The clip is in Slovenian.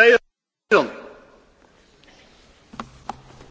zdaj je